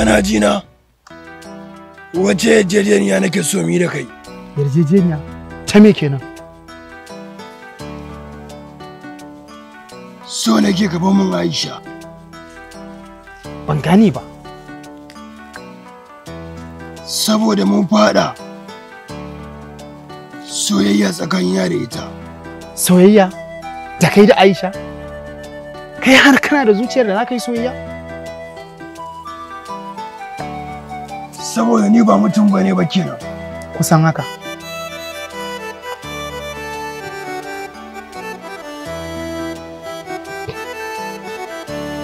kana ji na wace yarjejeniya nake so mu da kai yarjejeniya ta me kenan so nake gaban mun Aisha ban gane ba saboda mun fada soyayya tsakanin ya da ita soyayya da kai da Aisha kai har kana da zuciyar da na kai soyayya saboda ni ba mutum ba ne ba kenan kusan haka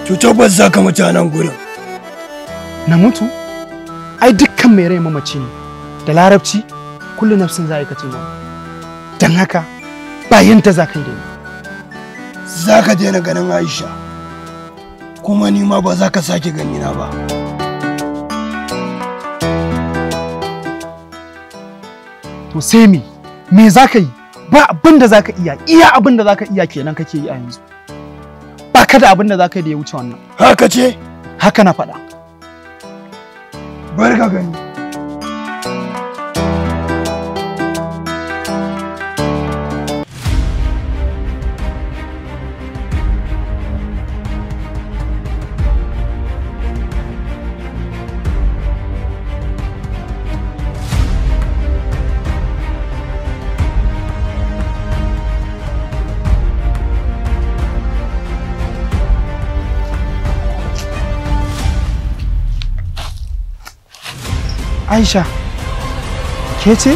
cutar ba za ka nan gurin na mutu ai dukkan mai rai mamaci ne da larabci kullu nafsin za a aikata mu don haka bayan ta za ka yi da za ka daina ganin aisha kuma ni ma ba za ka sake ganina ba. to sai me me zaka yi ba abin da za iya iya abin da za iya kenan kake yi a yanzu ba ka da abin da za yi da ya wuce wannan haka ce haka na faɗa ka gani Aisha, ke ce?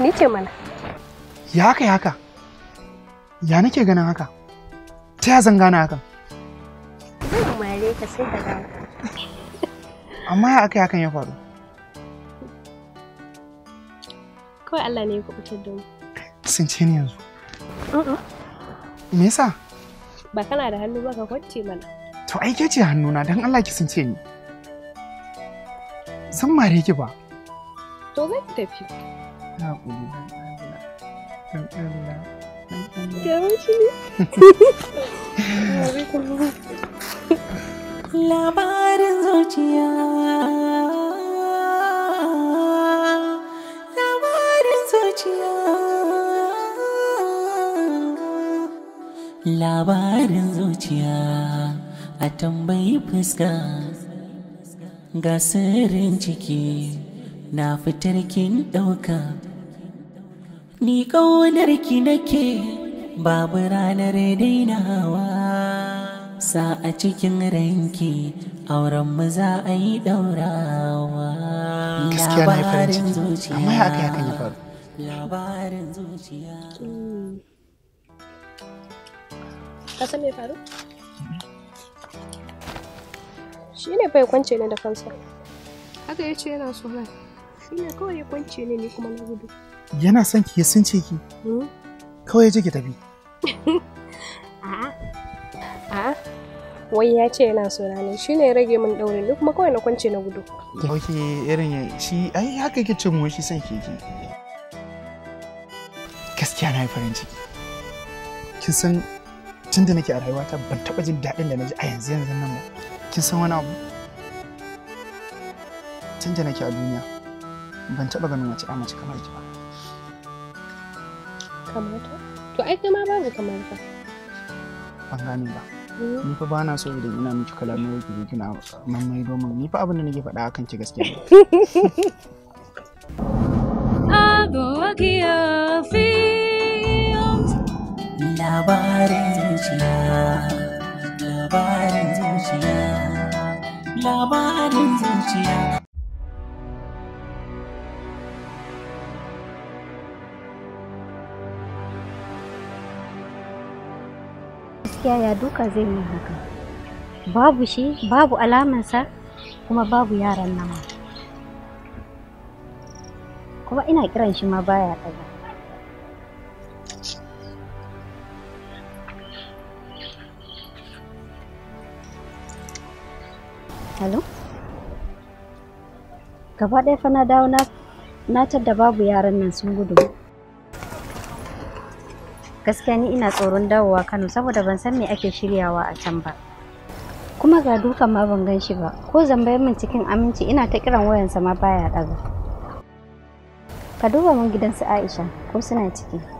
Ni ce mana. Ya haka ya haka? Ya nake ganin haka? Ta ya zan gane hakan? Zan mare ka sai ka gane. Amma ya aka yi hakan ya faru? Kawai Allah ne ya kuɓutar da mu. Sun ce ni yanzu. Me yasa? Ba kana da hannu ba ka kwace mana. To ai ke ce hannuna don Allah ki sun ce ni. san mare ki ba to zai tafi Ya kudi dan Allah dan Allah Gyaran shi ne. Labarin zuciya. labarin zuciya a tambayi fuska ga sirrin ciki na fitar kin ɗauka ni ƙaunarki nake babu ranar dainawa sa a cikin ranki auren mu za a yi ɗaurawa labarin zuciya labarin zuciya ka san me faru shi ne bai kwance ne da kansa haka ya ce yana so na shi ne kawai ya kwance ni kuma na gudu yana son ki ya ce ki hmm? kawai ya ji ki tafi wai ya ce yana so na ne shi ne ya rage min daurin ni kuma kawai na kwance na gudu ok irin ya shi ai haka yake cin shi son ki gaskiya na yi farin ciki kin san tun da nake a rayuwata ban taɓa jin daɗin da na ji a yanzu yanzu nan ba kin san wani abu tun da nake a duniya ban taɓa ganin mace a mace kamar ki ba kamar ta to ai kai ma babu kamar ka ban gane ba hmm. ni fa bana so idan ina miki kalamai ki kina mai domin ni fa abin da nake faɗa akan ki gaskiya ne. field labarin zuciya labarin zuciya labarin zuciya. Gaskiya ya duka zai yi haka. Babu shi, babu alamansa, kuma babu yaran nama. Kuma ina kiran shi ma baya ɗaga. Hello? Gaba ɗaya fa na dawo na da babu yaran nan sun gudu. Gaskiya ni ina tsoron dawowa Kano saboda ban san me ake shiryawa a can ba. Kuma ga duka ma ban gan shi ba, ko zambayar min cikin aminci ina ta kiran wayansa ma baya ɗaga. Ka duba mun gidan su Aisha ko suna ciki.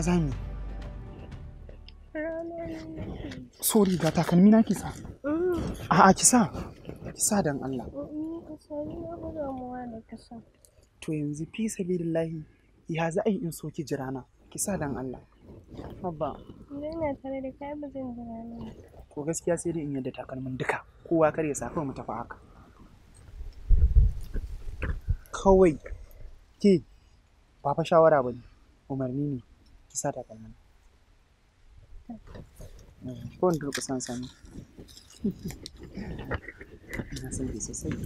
wanka za mu sorry ga takalmi na kisa mm. a'a kisa kisa dan Allah to yanzu fi sabilillahi ya za a yi in soki jirana kisa dan Allah Abba. Ina tare da kai ba zan jira ne. Ko gaskiya sai dai in yadda takalmin duka. Kowa kar ya safa mu tafi haka. Kawai ke ba fa shawara ba ne, umarni ne. ki sa takalmin ko in durƙusa sami ina son ki sosai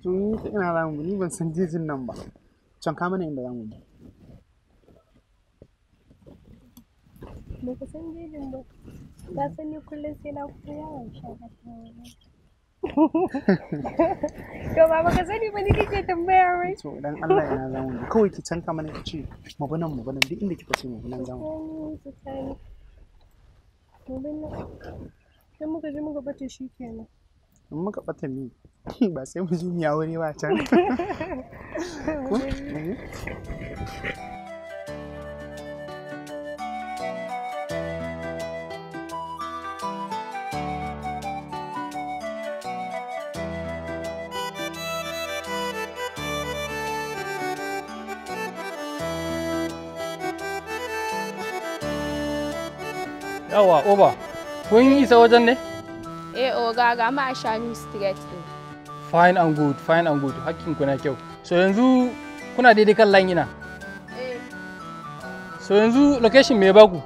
tun ina za mu ni ban san jejin nan ba can ka mana inda za mu bi ba ka san jejin ba ka san ni kullum sai na koya wa shakatawa to ba baka sani ba ni kike tambaya mai to dan Allah ya zamu ne kawai ki tanka mana ki ce mu bi mu bi duk inda kika ce mu bi zamu mu bi sai muka je muka bace shi kenan in muka bata mi ba sai mu ji miyawo ne ba can ko Awa, oba kun isa wajen ne eh oga ga ma shanu street din fine and good fine and good hakkin ku na kyau so yanzu kuna daidai kan line ina eh so yanzu location me baku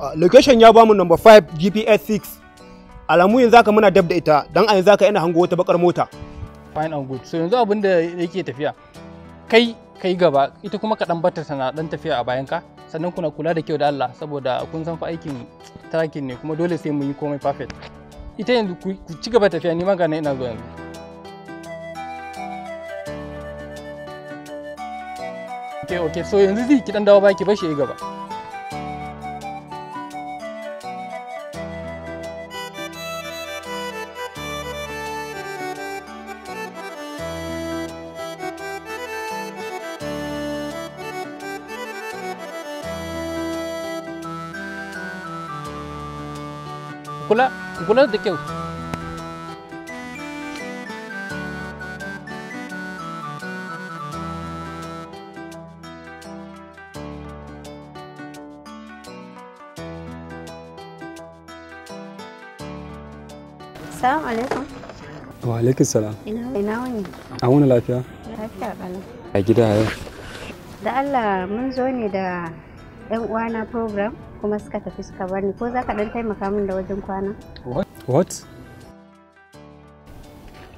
uh, location ya bamu number 5 GPS 6 alamu yanzu haka muna dab da ita dan a yanzu haka ina hango wata bakar mota fine and good so yanzu abin da yake tafiya kai kai gaba ita kuma ka dan bata tana dan tafiya a bayan ka sannan kuna kula da kyau da Allah saboda kun san fa aikin tracking ne kuma dole sai mun yi komai perfect ita yanzu ku ci gaba tafiya ni magana ina zuwa yanzu okay okay so yanzu zai ki dan dawo baki bashi ya gaba kula da kyau Salamu alaikum. Wa alaikum salam. Ina ina wani? A wani lafiya? Lafiya gida yau. Da Allah mun zo ne da 'yan na program. kuma suka tafi suka bar ni ko za ka dan taimaka min da wajen kwana what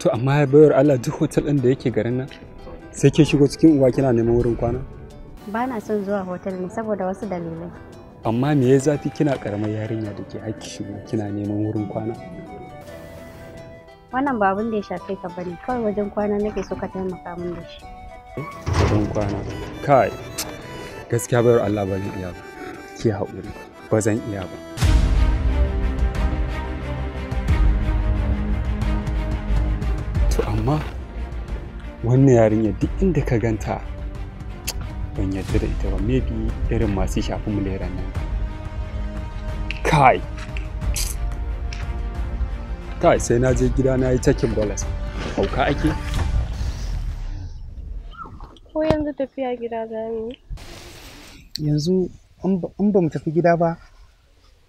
to amma ya bayar Allah duk hotel ɗin da yake garin nan sai ke shigo cikin uwa kina neman wurin kwana ba na son zuwa hotel ne saboda wasu dalilai amma me ya zafi kina karamar yarinya da ke haƙƙi shigo kina neman wurin kwana wannan ba abin da ya shafe ka bane kawai wajen kwana nake so ka taimaka min da shi wajen kwana kai gaskiya bayar Allah bane iya ba ki haƙuri ba zan iya ba to amma wannan yarinya duk inda ka ganta ban yarda da ita ba maybe irin masu shafi mulera nan kai kai sai na je gida na yi cakin bolas hauka ake ko yanzu tafiya gida za mu yanzu in ba mu tafi gida ba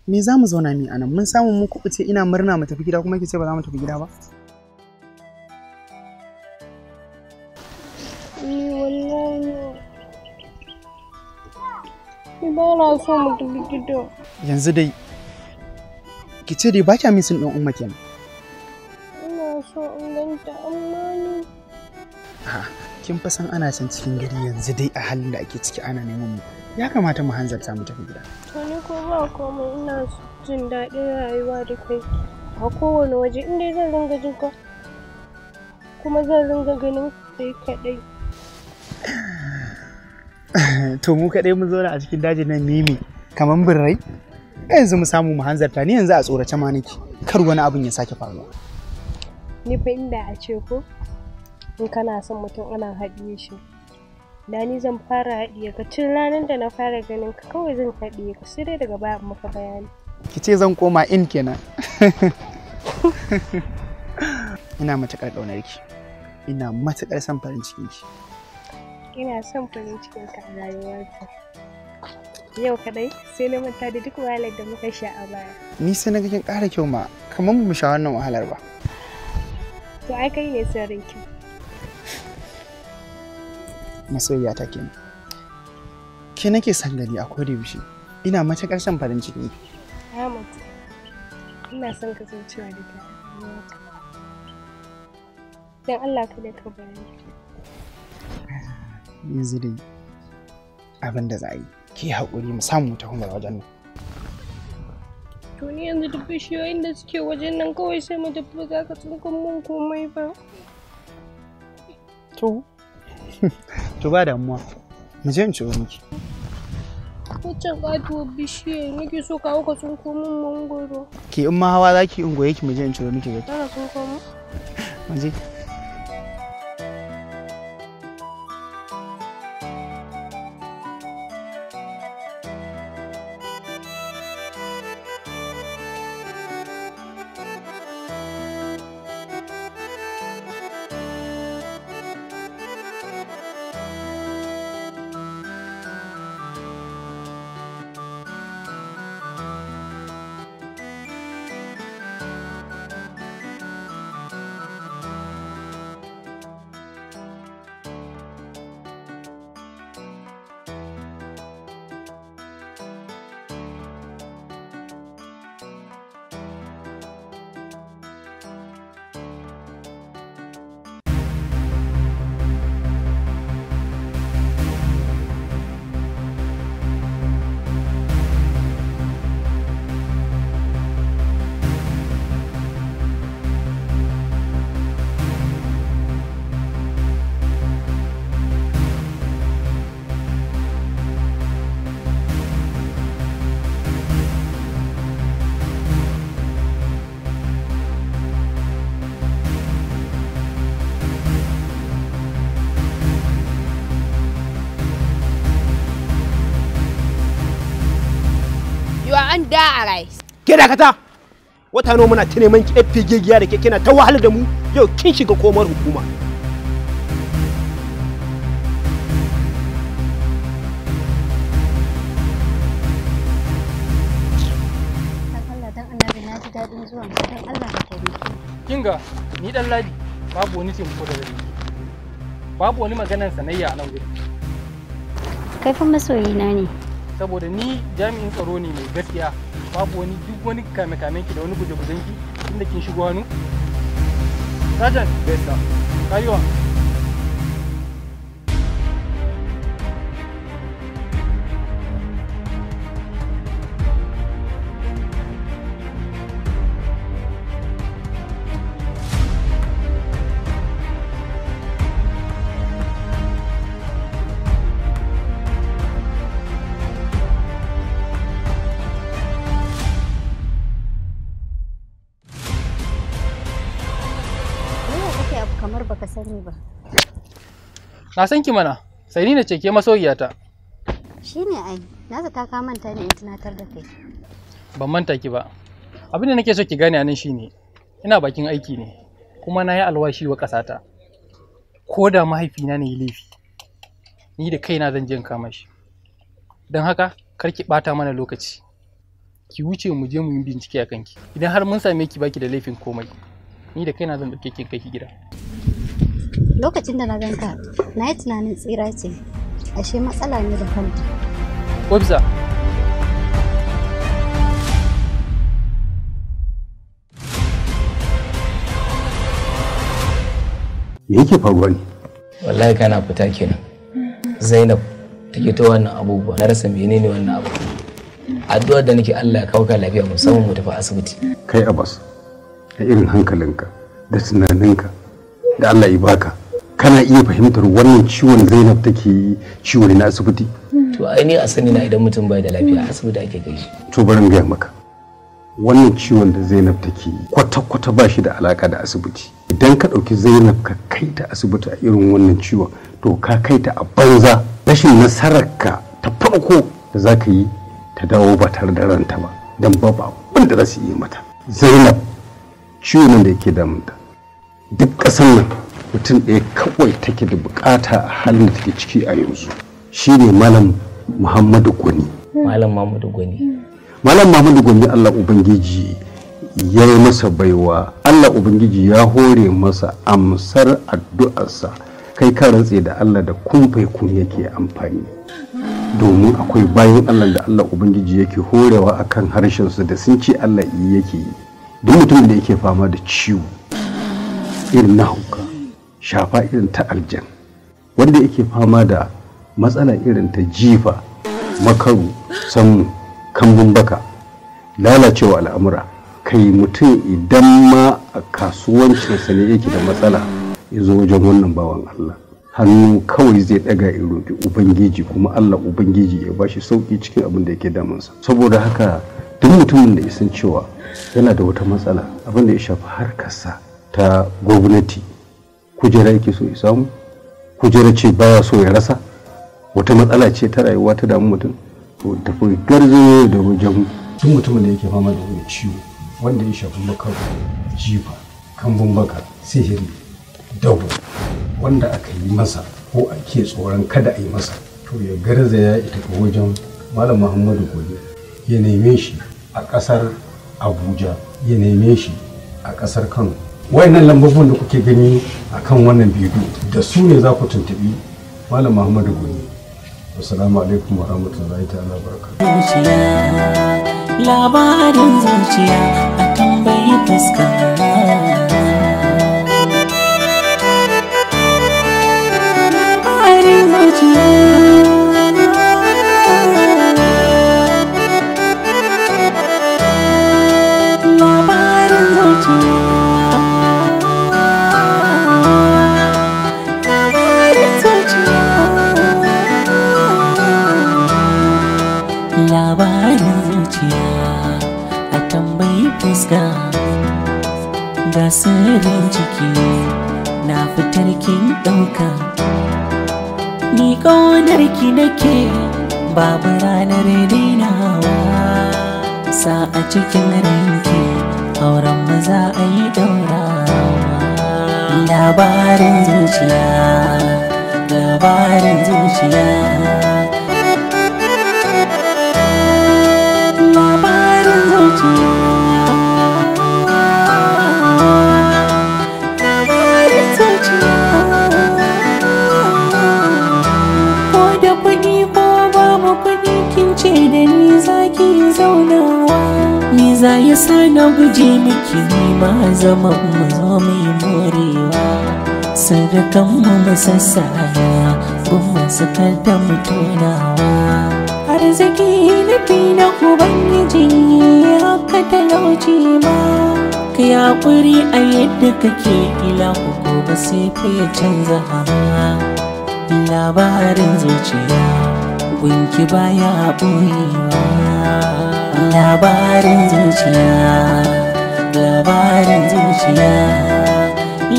me za mu zauna mi anan mun samu mun ce ina murna mu tafi gida kuma ke ce ba za mu tafi gida ba ni wallahi ba na so mu tafi gida yanzu dai ki ce dai ba kya misin ɗan umma kenan ina so in ganta amma ni kin fa san ana can cikin gari yanzu dai a halin da ake ciki ana neman mu ya kamata mu hanzarta mu tafi gida to ni ko ba komai ina jin daɗin rayuwa da kai a kowane waje inda zan ringa jin ka kuma zan ringa ganin kai kaɗai to mu kaɗai mun zauna a cikin dajin nan mimi kamar birrai yanzu mu samu mu hanzarta ni yanzu a tsorace ma nake kar wani abin ya sake faruwa ni fa inda a ce ko in kana son mutum ana haɗiye shi da ni zan fara haɗiye ka tun ranar da na fara ganin ka kawai zan haɗiye ka sai dai daga baya maka bayani ki ce zan koma in kenan ina matuƙar ƙaunar ki ina matuƙar son farin cikin ki ina son farin cikin ka a rayuwarka yau kadai sai na manta da duk wahalar da muka sha a baya ni sai na ga kin ƙara kyau ma kamar mu sha wannan wahalar ba to ai kai ne sirrin kyau na soyayya ta kenan ke nake san gani a koda yaushe ina matuƙar son farin ciki Ahmad ina son kasancewa da kai dan Allah ka da ka bari yanzu dai abin da za a yi ke haƙuri mu samu ta humar wajen nan to ni yanzu duk bishiyoyin da suke wajen nan kawai sai mu tafi ba za ka tsinkan mun komai ba to to ba damuwa mu je ciro miki bishiyar nake so kawo ka sun komin mangoro ki in ma hawa ungoye ki mu je ciro miki a rai. Ke dakata. Wata no muna ta neman ki FP gigiya da ke kina ta wahala da mu yau kin shiga komar hukuma. Kinga, ni dan ladi da babu wani sanayya a nan gudu. Kai fa Saboda ni jami'in tsaro ne mai gaskiya babu wani duk wani kame-kamen ki da wani guje-gujen ki inda kin shigo hannu sergeant besa kayuwa Na san ki mana, sai ni na ce ke masoyiyata. Shi ne ai, na ta ka manta ne in tunatar da kai. Ban manta ki ba. Abin da nake so ki gane anan shine, ina bakin aiki ne, kuma na yi alwashi wa ƙasata. Ko da mahaifina ne yi laifi, ni da kaina zan je in kama shi. Don haka, kar ki ɓata mana lokaci. Ki wuce mu je mu yi bincike a kanki. Idan har mun same ki baki da laifin komai, ni da kaina zan ɗauke ki kai gida. lokacin da na ganka na yi tunanin tsira ce ashe matsala ne da kanta wabza me yake faruwa ne wallahi kana fita kenan zainab ke ta wannan abubuwa na rasa menene wannan abu addu'ar da nake Allah ya kawo ka lafiya musamman mu tafi asibiti kai abbas da irin hankalinka da tunaninka da Allah ya baka kana iya fahimtar wannan ciwon zainab take yi ciwo ne na asibiti to ai ni a sani na idan mutum bai da lafiya asibiti ake kai shi to bari gaya maka wannan ciwon da zainab take yi kwata-kwata ba shi da alaka da asibiti idan ka ɗauki zainab ka kai ta asibiti a irin wannan ciwon to ka kai ta a banza rashin nasarar ka ta farko da za ka yi ta dawo ba tare da ranta ba don babu abin da za su yi mata zainab ciwon da yake damunta duk ƙasar nan mutum ɗaya kawai take da bukata a halin da take ciki a yanzu shine malam muhammadu gwani malam muhammadu gwani malam muhammadu gwani allah ubangiji ya yi masa baiwa allah ubangiji ya hore masa amsar addu'arsa kai ka rantse da allah da kumfai kun yake amfani domin akwai bayan allah da allah ubangiji yake horewa akan harshensu da sun ce allah yake yi duk mutum da yake fama da ciwo irin na hauka shafa irin ta aljan wanda yake fama da matsala irin ta jifa makaru samu kambun baka lalacewa al'amura kai mutum idan ma a kasuwancinsa ne yake da matsala ya zo wajen wannan bawan Allah hannu kawai zai daga ya roƙi ubangiji kuma Allah ubangiji ya bashi sauƙi cikin abin da yake damunsa saboda haka duk mutumin da ya san cewa yana da wata matsala abin da ya shafi harkarsa ta gwamnati kujera yake so ya samu kujera ce baya so ya rasa wata matsala ce ta rayuwa ta damu mutum to tafi garzo da wajen tun mutumin da yake fama da wani ciwo wanda ya shafi makar jifa kambun baka sihiri dawo wanda aka yi masa ko ake tsoron kada a yi masa to ya garza ya ita ga wajen malam muhammadu gobe ya neme shi a ƙasar abuja ya neme shi a ƙasar kano wayannan lambobin da kuke gani kan wannan bidiyo da su ne za ku tuntubi malam muhammadu goni assalamu alaikum wa rahmatullahi ta'ala labarin fuska ga sirrin ciki na fitar kin ɗauka ni ki nake babu ranar dainawa sa a cikin ranki auren maza a yi ɗaurawa labarin zuciya labarin zuciya labarin zuciya ce da ni zaki zaunawa ni za ya sa na guje miki nima zaman mu zo mai morewa sadakan mu masassaya kun masu kalta mu tunawa arziki nufi na ubangiji haka talauci ba ka yaƙuri a yadda kake ila ko ba sai ka canza hawa labarin zuciya gunki baya boyewa labarin zuciya labarin zuciya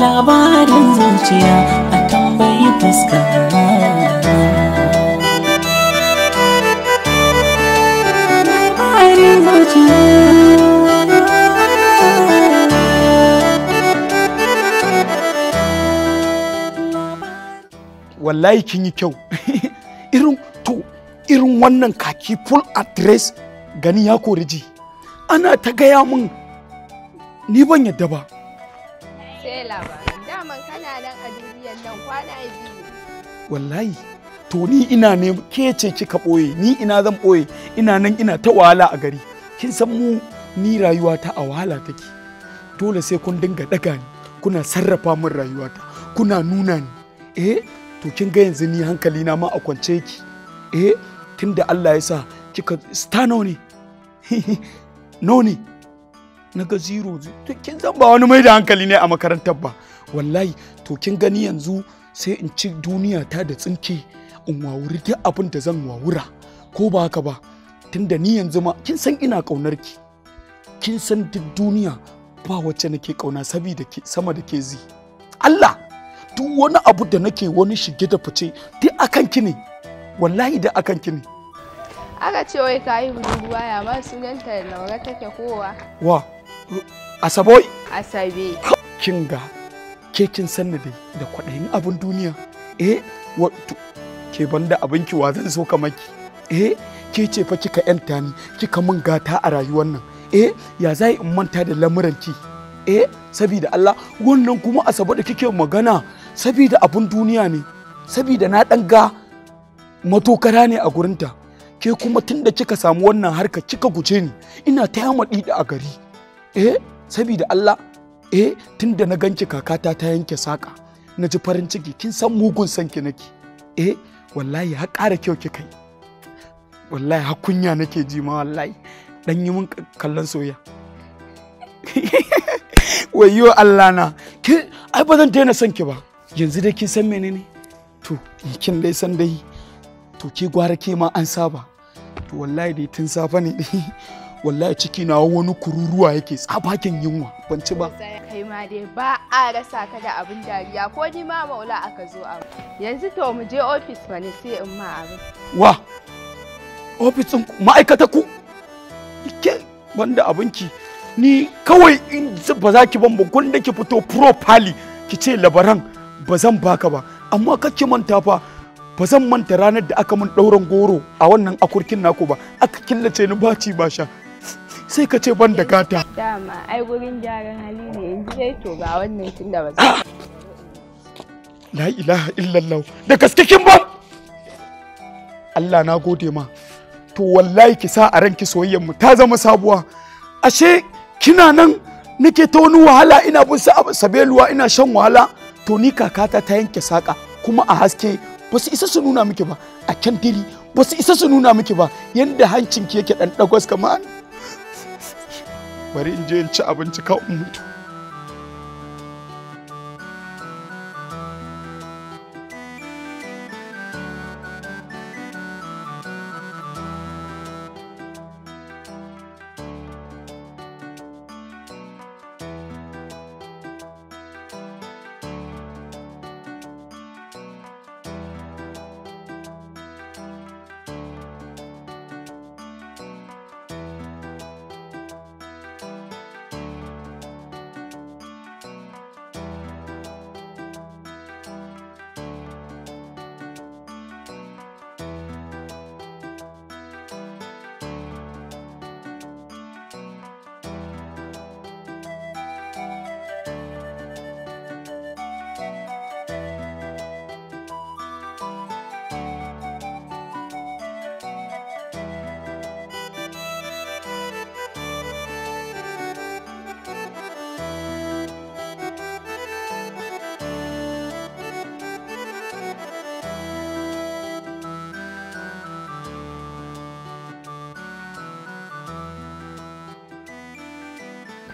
labarin zuciya a tambayi fuska labarin zuciya wallahi kin yi kyau irin irin wannan kaki full address gani ya kori ji ana ta gaya min ni ban yadda ba sai labarin daman kana nan a duniyar nan kwana biyu wallahi to ni ina ne ke ce kika ɓoye ni ina zan boye ina nan ina ta wahala a gari kin san mu ni rayuwata a wahala take dole sai kun dinga daga ni kuna sarrafa min rayuwata kuna nuna ni eh to kin ga yanzu ni hankali na ma a kwance ki eh tun da Allah ya sa kika sta ne no na ga zero To kin zan ba wani mai da hankali ne a makarantar ba wallahi to kin gani yanzu sai in ci duniya ta da tsinke in wawuri duk abin da zan wawura ko ba haka ba tunda ni yanzu ma kin san ina kaunar ki kin san duk duniya ba wacce nake kauna saboda ke sama da ke zi Allah duk wani abu da nake wani shige da fice duk akan ki ne wallahi da akan ki ne aka ce wai ka yi budurwa ya ma sunanta da naura take kowa wa asaboi asabe kin ga ke kin san dai da kwaɗayin abin duniya eh wato ke banda abin ki wa zan so ka maki eh ke ce fa kika yanta ni kika mun gata a rayuwar nan eh ya zai in manta da lamuran ki eh sabida Allah wannan kuma asabe da kike magana sabida abin duniya ne sabida na ɗan ga matokara ne a gurinta ke kuma tunda kika samu wannan harka kika guje ni ina ta yama da a gari eh sabida Allah eh tunda na ganki kakata ta yanke saka na ji farin ciki kin san mugun sanki nake eh wallahi har ƙara kyau kika yi wallahi har kunya nake ji ma wallahi dan yi mun kallon soya wayo Allah na ki ai ba zan daina son ba yanzu dai kin san menene to kin dai san dai to ki gwara ke ma an saba to wallahi dai tun safe ne dai wallahi ciki na wani kururuwa yake tsabakin yunwa ban ci ba kai ma dai ba a rasa ka da abin dariya ko ni ma maula aka zo abu yanzu to mu je ofis ne sai in ma abin wa ofisin ma'aikata ku ke banda abinki ni kawai in ba za ki ban kun da ki fito properly ki ce labaran ba zan baka ba amma kake manta fa ba zan manta ranar da aka mun ɗauran goro a wannan akurkin naku ba aka killace ni baci ba sha sai ka ce ban da gata dama ai gurin gyaran hali ne in ji to ga wannan tun da ba ah! la ilaha illallah da gaske kin ba Allah na gode ma to wallahi ki sa a ranki soyayyar mu ta zama sabuwa ashe kina nan nake ta wani wahala ina bin sabeluwa ina shan wahala to ni kakata ta yanke saka kuma a haske ba su isa su nuna miki ba a can diri ba isa su nuna miki ba yadda hancinki yake dan dagwas kamar bari in je in ci abinci ka mutu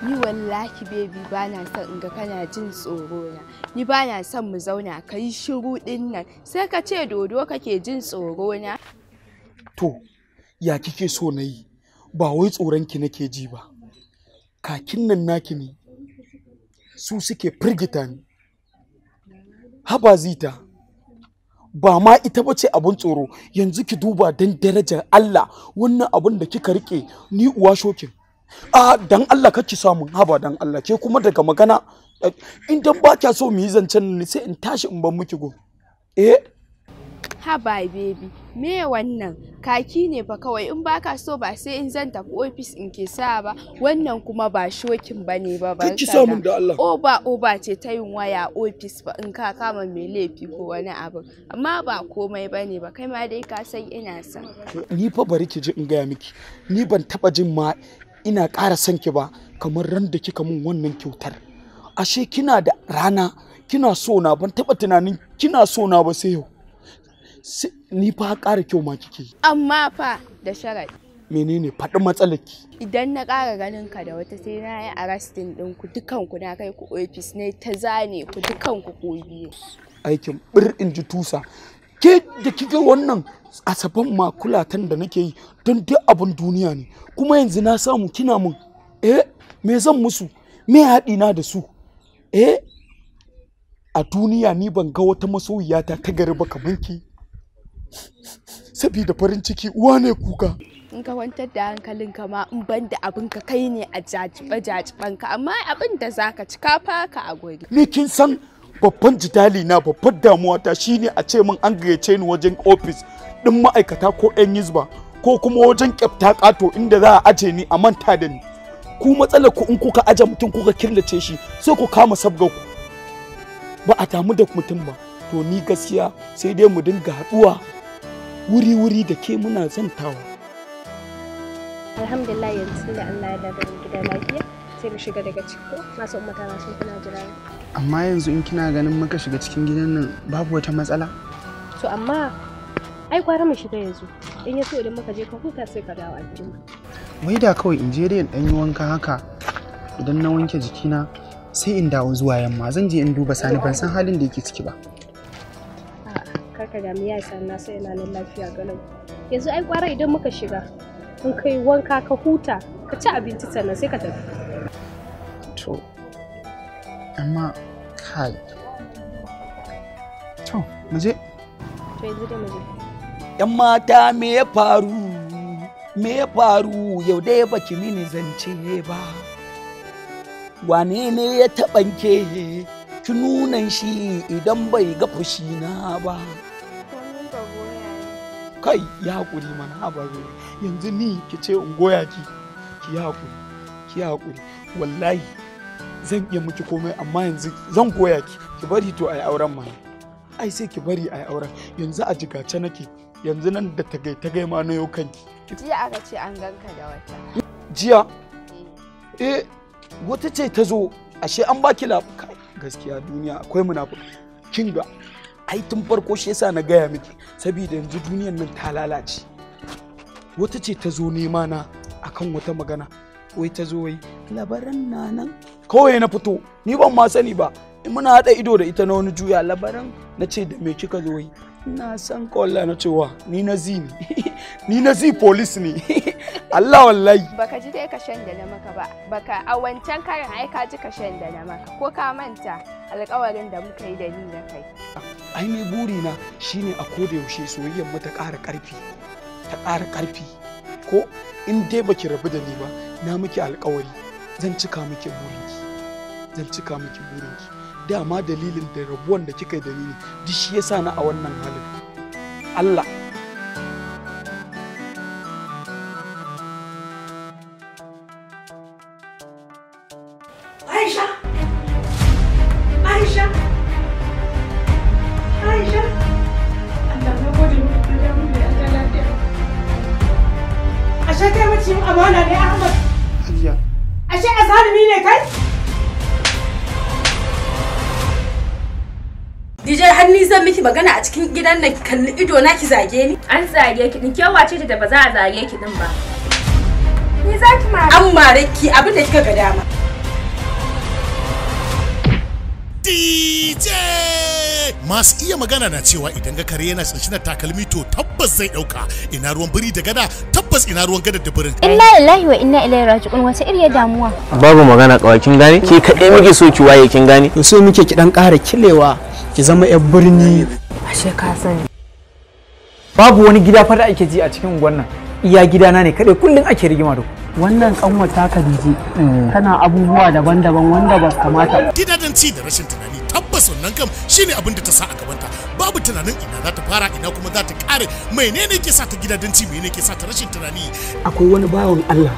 ni wallahi baby bana son in ga kana jin tsoro na ni bana son mu zauna ka shiru din nan sai ka ce dodo kake jin tsoro na to ya kike so na yi ba wai tsoron ki nake ji ba kakin nan naki ne su suke firgita ni haba zita ba ma ita bace abun tsoro yanzu ki duba don darajar Allah wannan abun da kika rike ni uwa shokin a dan Allah kake samun haba dan Allah ke kuma daga magana eh, in dan ba kya so mu yi zancen ne sai in tashi in ban miki go eh bai baby me wannan kaki ne fa kawai in ba ka so ba sai in zan tafi office in ke sa ba wannan kuma ba shokin bane ba ba kake samun da Allah oba oba ce ta yin waya office ba in ka kama mai laifi ko wani abu amma ba komai bane ba kai ma dai ka san ina sa. ni fa bari ki ji in gaya miki ni ban taba jin ma ina ƙara son ki ba kamar ran da kika min wannan kyautar ashe kina da rana kina so na ban taɓa tunanin kina so na ba sai yau ni fa ƙara kyau ma kike amma fa da sharadi menene faɗi matsalarki idan na ƙara ganin ka da wata sai na yi arrestin ɗinku dukanku na kai ku ofis ne ta zane ku dukanku ku biyu aikin bir in ji tusa ke da kike wannan asaban makulatan da nake yi don duk abin duniya ne kuma yanzu na samu kina mun eh me zan musu me haɗina da su eh a duniya ni ban ga wata masoyiyata ta gari ba kamar ki sabida farin ciki uwa ne kuka in ka wantar da hankalin ka ma in ban abin ka kai ne a jajiba jajiban ka amma abin da zaka ci ka faka a gori ni kin san babban jidali na babban damuwa ta shine a ce min an gayyace ni wajen ofis din ma'aikata ko 'yan yizba ko kuma wajen kyafta kato inda za a aje ni a manta da ni ku matsalar ku in kuka aje mutum kuka killace shi sai ku kama sabgar ku ba a damu da mutum ba to ni gaskiya sai dai mu dinga haɗuwa wuri-wuri da ke muna zantawa alhamdulillah yanzu da Allah ya dawo gida lafiya sai mu shiga daga ciki masu ummata na sun kuna jira amma yanzu in kina ganin muka shiga cikin gidan nan babu wata matsala to amma ai kwara mu shiga yanzu in ya so idan muka je ka huta sai ka dawo anjima wai da kawai in je da dan yi wanka haka idan na wanke jikina sai in dawo zuwa yamma zan je in duba sani ban san halin da yake ciki ba karka da miya sannan sai yana nan lafiya galau yanzu ai kwara idan muka shiga in kai wanka ka huta ka ci abinci sannan sai ka tafi amma kai to mu to yanzu da mu yan mata me ya faru me ya faru yau dai baki mini zance ba wane ne ya taɓanke ki nunan shi idan bai ga fushi na ba kai ya haƙuri mana habaru yanzu ni ki ce in goya ki ki haƙuri ki ya haƙuri wallahi zan iya miki komai amma yanzu zan koya ki ki bari to ai auren ma ai sai ki bari ai auren yanzu a jigace nake yanzu nan da tagai tagai ma na yau kanki jiya aka ce an ganka da wata jiya eh, eh wata ce ta zo ashe an baki labuka gaskiya duniya akwai munafuka kinga ai tun farko shi yasa na gaya miki saboda yanzu duniyar nan ta lalace wata ce ta zo nema na akan wata magana wai ta zo wai labaran na nan kawai na fito ni ban ma sani ba in muna haɗa ido da ita na wani juya labaran na ce da me kika zo yi na san kawai na cewa ni na zi ne ni na zi police ne Allah wallahi baka ji dai kashen da na maka ba baka a wancan karin ai ka ji kashen da na maka ko ka manta alƙawarin da muka yi da ni na kai ai ni buri na shine a koda yaushe soyayyar mu ta ƙara ƙarfi ta ƙara ƙarfi ko in dai baki rabu da ni ba na miki alƙawari zan cika miki burinki zan cika miki burinki dama dalilin da rabuwan da kika yi dalili duk shi yasa na a wannan halin Allah nan na kalli ido na ki zage ni? An zage ki din kyawa ce da ba za a zage ki din ba. Ni za ki mare. An mare ki abin da kika ga dama. DJ Masu iya magana na cewa idan ga kare yana na takalmi to tabbas zai dauka ina ruwan biri da gada tabbas ina ruwan gada da birin. Inna lillahi wa inna ilaihi raji'un wata irya damuwa. Babu magana kawai kin gane? Ki kaɗai muke so ki waye kin gane? To so muke ki dan ƙara kilewa ki zama 'yar birni. ashe ka sani babu wani gida fa da ake ji a cikin unguwar nan iya gidana ne kadai kullum ake rigima da wannan kanwata ka tana abubuwa daban-daban wanda ba kamata gidajen ci da rashin tunani tabbas wannan kam shine abin da ta sa a gabanta babu tunanin ina za ta fara ina kuma za ta kare menene ke sa ta gidajen ci menene ke sa ta rashin tunani akwai wani bawan Allah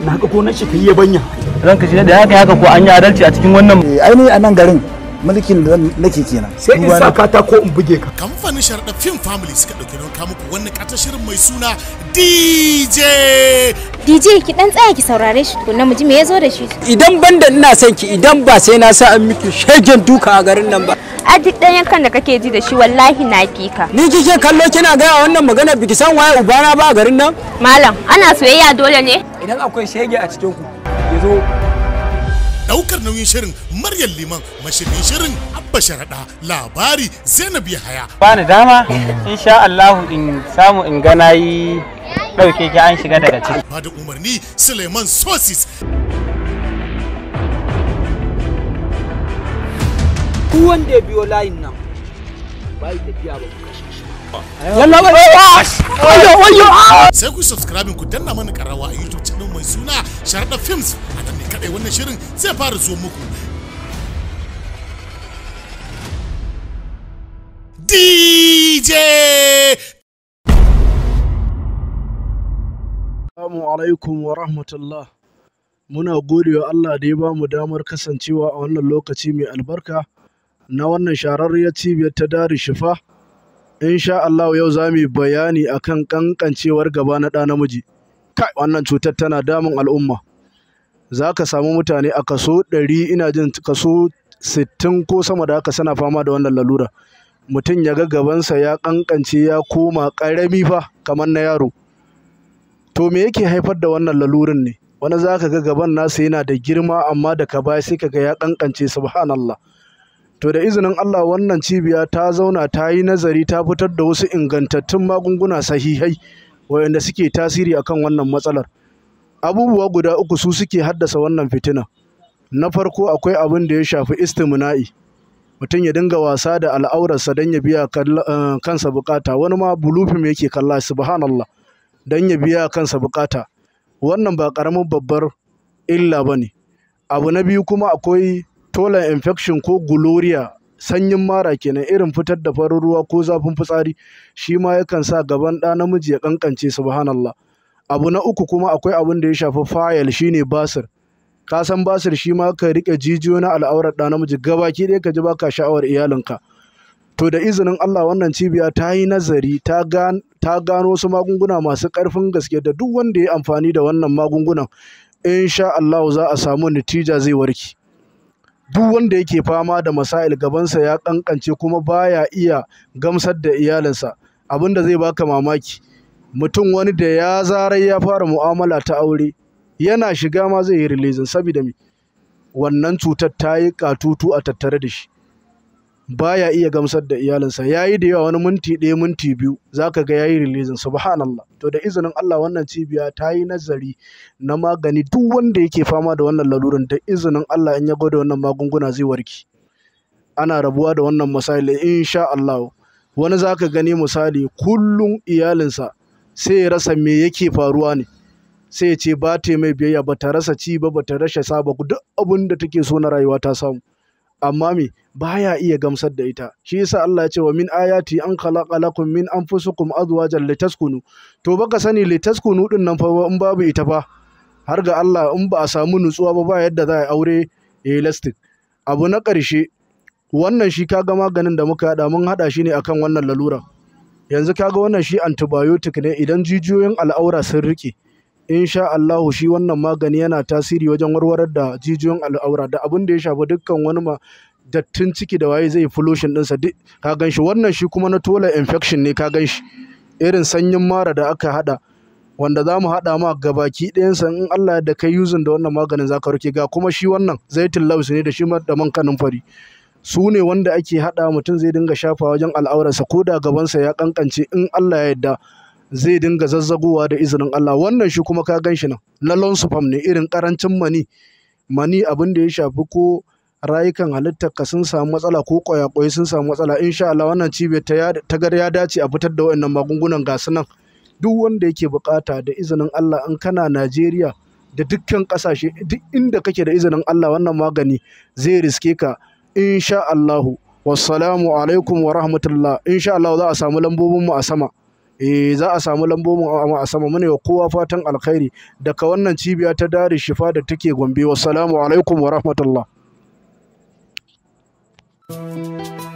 na ga na shi ta yi yabanya ranka shi da haka haka ko an yi adalci a cikin wannan eh, ainihi a nan garin mulkin da nake kenan sai in sa ka ko in buge ka kamfanin sharda film family suka dauke don kamu ku wannan kata shirin mai suna DJ DJ ki dan tsaya ki saurare shi tukunna mu ji me yazo da shi idan banda ina son ki idan ba sai na sa an miki shegen duka a garin nan ba a duk ɗayan yankan da kake ji da shi wallahi na fika ni kike kallo kina ga wannan magana biki san waye ubana ba a garin nan malam ana soyayya dole ne idan akwai shege a cikin ku yazo daukar nauyin shirin maryam liman mashirin shirin abba sharaɗa labari zainab yahaya bani dama insha allahu in samu in gana yi ɗauke ki an shiga daga ciki ba da umarni suleiman sosis duk wanda biyo layin nan bai tafiya ba kashe shi yalla sai ku subscribe ku danna mana karawa a youtube mai suna sharaɗa films a nan ne kaɗai wannan shirin zai fara zo muku DJ Assalamu alaikum wa rahmatullah. Muna godewa Allah da ya ba mu damar kasancewa a wannan lokaci mai albarka na wannan shararriyar cibiyar ta dari shifa. sha Allah yau za mu bayani akan kankancewar gaba na ɗa namiji. kai wannan cutar tana damun al'umma za ka samu mutane a kaso ɗari ina jin kaso sittin ko sama da haka suna fama da wannan lalura mutum ya ga gabansa ya kankance ya koma ƙarami fa kamar na yaro to me yake haifar da wannan lalurin ne wani za ka ga gaban nasa yana da girma amma da ka baya sai ka ga ya kankance subhanallah to da izinin Allah wannan cibiya ta zauna ta yi nazari ta fitar da wasu ingantattun magunguna sahihai waɗanda suke tasiri akan wannan matsalar abubuwa guda uku su suke haddasa wannan fitina na farko akwai abin da ya shafi istimna'i mutum ya dinga wasa da al'aurarsa don ya biya eh, kansa bukata wani ma bulufin yake kalla subhanallah don ya biya kansa bukata wannan ba karamin babbar illa bane abu na biyu kuma akwai tolan infection ko gloria sanyin mara kenan irin fitar da farin ruwa ko zafin fitsari shi ma yakan sa gaban ɗa namiji ya ƙanƙance subhanallah abu na uku kuma akwai abin da ya shafi fayil shine basir ka san basir shi ma ka rike jijiyo na al'aurar ɗa namiji gabaki ɗaya ka ji baka sha'awar iyalinka to da izinin Allah wannan cibiya ta yi nazari ta gano wasu magunguna masu ƙarfin gaske da duk wanda ya amfani da wannan magungunan in sha Allah za a samu natija zai warke duk wanda yake fama da masail gabansa ya kankance kuma baya iya gamsar da iyalinsa abinda zai baka mamaki mutum wani da ya zarar ya fara mu'amala ta aure yana shiga ma zai yi releasing saboda me wannan cutar ta yi katutu a tattare da shi baya iya gamsar da iyalinsa Ya yi da yawa wani minti ɗaya minti biyu Za ka ga ya yayi releasing subhanallah to da izinin Allah wannan cibiya ta yi nazari na magani duk wanda yake fama da wannan lalurin, da izinin Allah in ya gwada wannan magunguna zai warke ana rabuwa da wannan misali insha Allah wani ka gani misali kullum iyalinsa sai ya rasa me yake faruwa ne sai ya ce ba ta mai biyayya ba ta rasa ci ba ba ta rasa saba duk abin da take so na rayuwa ta samu amma me baya iya gamsar da ita shi yasa Allah ya ce wa min ayati an khalaqa lakum min anfusikum azwajan litaskunu to baka sani litaskunu din nan fa in babu ita fa har ga Allah in ba a samu nutsuwa ba ba yadda za a aure eh, elastic abu na ƙarshe wannan shi kaga maganin da muka haɗa mun haɗa shi ne akan wannan lalura yanzu kaga wannan shi antibiotic ne idan jijiyoyin al'aura sun rike insha Allahu shi wannan magani yana tasiri wajen warwarar da jijiyoyin al'aura da abin da ya shafi dukkan wani dattin ciki da waye zai fulushin ɗinsa duk ka gan wannan shi kuma na tola infection ne ka gan irin sanyin mara da aka haɗa wanda za mu haɗa ma gabaki ɗayansa in Allah yadda kai yuzin da wannan maganin za ka rike ga kuma shi wannan zaitun laus ne da shi da man kanin fari su ne wanda ake haɗa mutum zai dinga shafa wajen al'aurarsa ko da gabansa ya kankance in Allah ya yadda. zai dinga zazzagowa da izinin Allah wannan shi kuma ka gan shi nan lalon sufam ne irin karancin mani mani abin da ya shafi ko rayukan halittar ka sun samu matsala ko kwayakwayi sun samu matsala insha Allah wannan cibiyar ta tagar ya dace a fitar da wayannan magungunan gasu nan duk wanda yake bukata da izinin Allah in kana Najeriya da dukkan kasashe duk inda kake da izinin Allah wannan magani zai riske ka insha Allahu wassalamu alaikum wa rahmatullah insha Allah za a samu lambobin mu a sama eh za a samu lambobin a sama mune wa kowa fatan alkhairi daga wannan cibiya ta dare shifa da take gombe Salamu alaikum wa rahmatullah